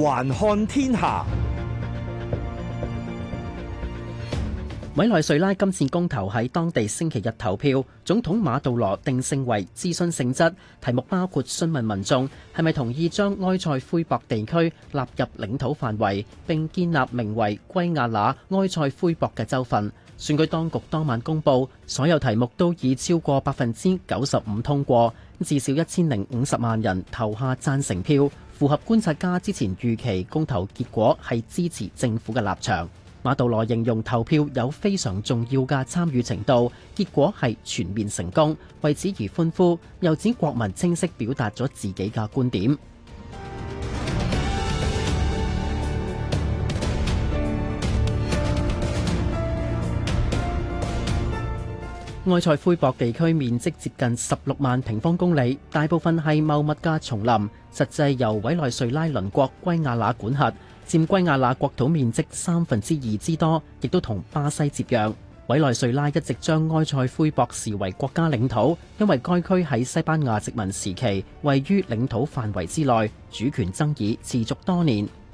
環看天下，委內瑞拉今次公投喺當地星期日投票，總統馬杜羅定性為諮詢性質，題目包括詢問民眾係咪同意將埃塞灰博地區納入領土範圍，並建立名為圭亞那埃塞灰博嘅州份。選舉當局當晚公布，所有題目都已超過百分之九十五通過，至少一千零五十萬人投下贊成票。符合觀察家之前預期，公投結果係支持政府嘅立場。馬杜羅形容投票有非常重要嘅參與程度，結果係全面成功，為此而歡呼，又指國民清晰表達咗自己嘅觀點。埃塞灰博地區面積接近十六萬平方公里，大部分係茂密嘅叢林。實際由委內瑞拉鄰國圭亞那管轄，佔圭亞那國土面積三分之二之多，亦都同巴西接壤。委內瑞拉一直將埃塞灰博視為國家領土，因為該區喺西班牙殖民時期位於領土範圍之內。主權爭議持續多年。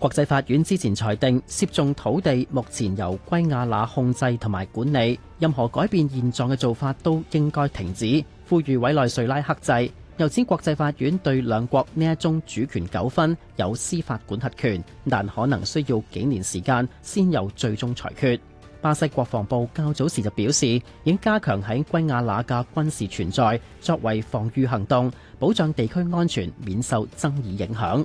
國際法院之前裁定，涉訟土地目前由圭亞那控制同埋管理，任何改變現狀嘅做法都應該停止。呼籲委內瑞拉克制。又指國際法院對兩國呢一宗主權糾紛有司法管轄權，但可能需要幾年時間先有最終裁決。巴西國防部較早時就表示，已經加強喺圭亞那嘅軍事存在，作為防禦行動，保障地區安全，免受爭議影響。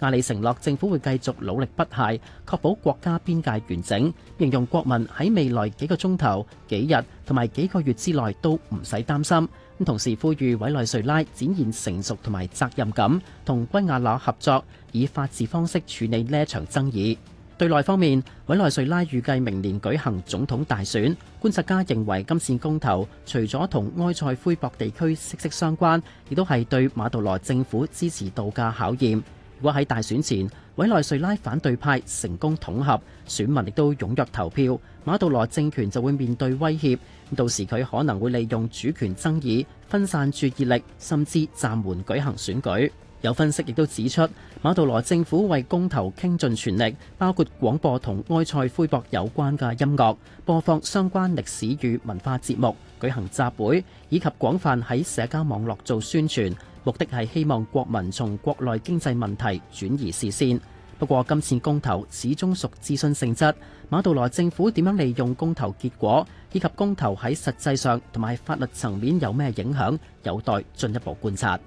阿里承諾，政府會繼續努力不懈，確保國家邊界完整。形容國民喺未來幾個鐘頭、幾日同埋幾個月之內都唔使擔心。咁同時呼籲委內瑞拉展現成熟同埋責任感，同圭亞那合作，以法治方式處理呢一場爭議。對內方面，委內瑞拉預計明年舉行總統大選，觀察家認為今次公投除咗同埃塞灰博地區息息相關，亦都係對馬杜羅政府支持度嘅考驗。如果喺大選前，委內瑞拉反對派成功統合選民，亦都踴躍投票，馬杜羅政權就會面對威脅。到時佢可能會利用主權爭議分散注意力，甚至暫緩舉行選舉。有分析亦都指出，馬杜羅政府為公投傾盡全力，包括廣播同埃塞奎博有關嘅音樂，播放相關歷史與文化節目，舉行集會，以及廣泛喺社交網絡做宣傳。目的係希望國民從國內經濟問題轉移視線。不過今次公投始終屬諮詢性質，馬杜羅政府點樣利用公投結果，以及公投喺實際上同埋法律層面有咩影響，有待進一步觀察。